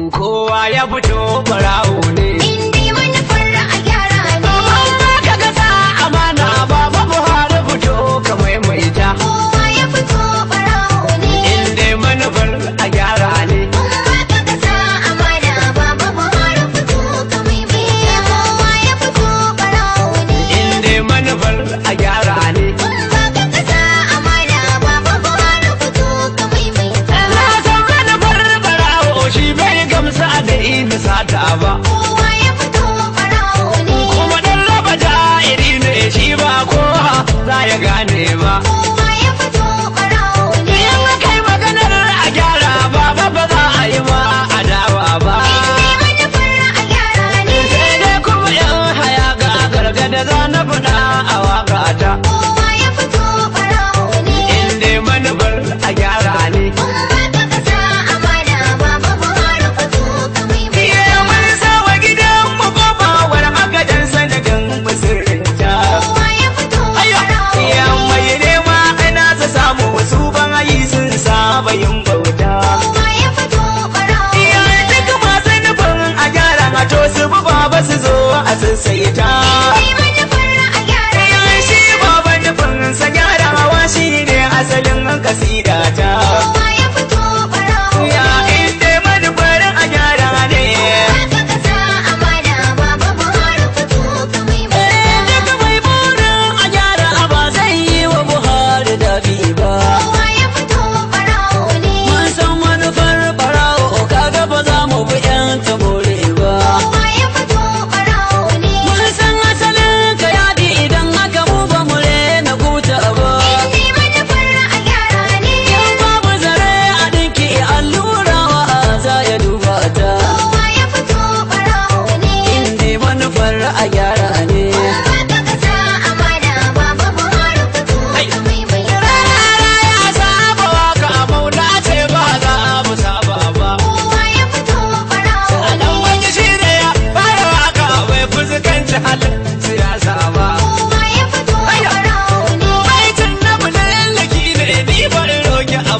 kowa ya fito barawo ne Kowa ya fito ma ne. Kuma don ba ja iri ne shi ba kowa za ya gane ba. Say it down.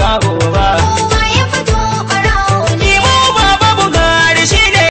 Up.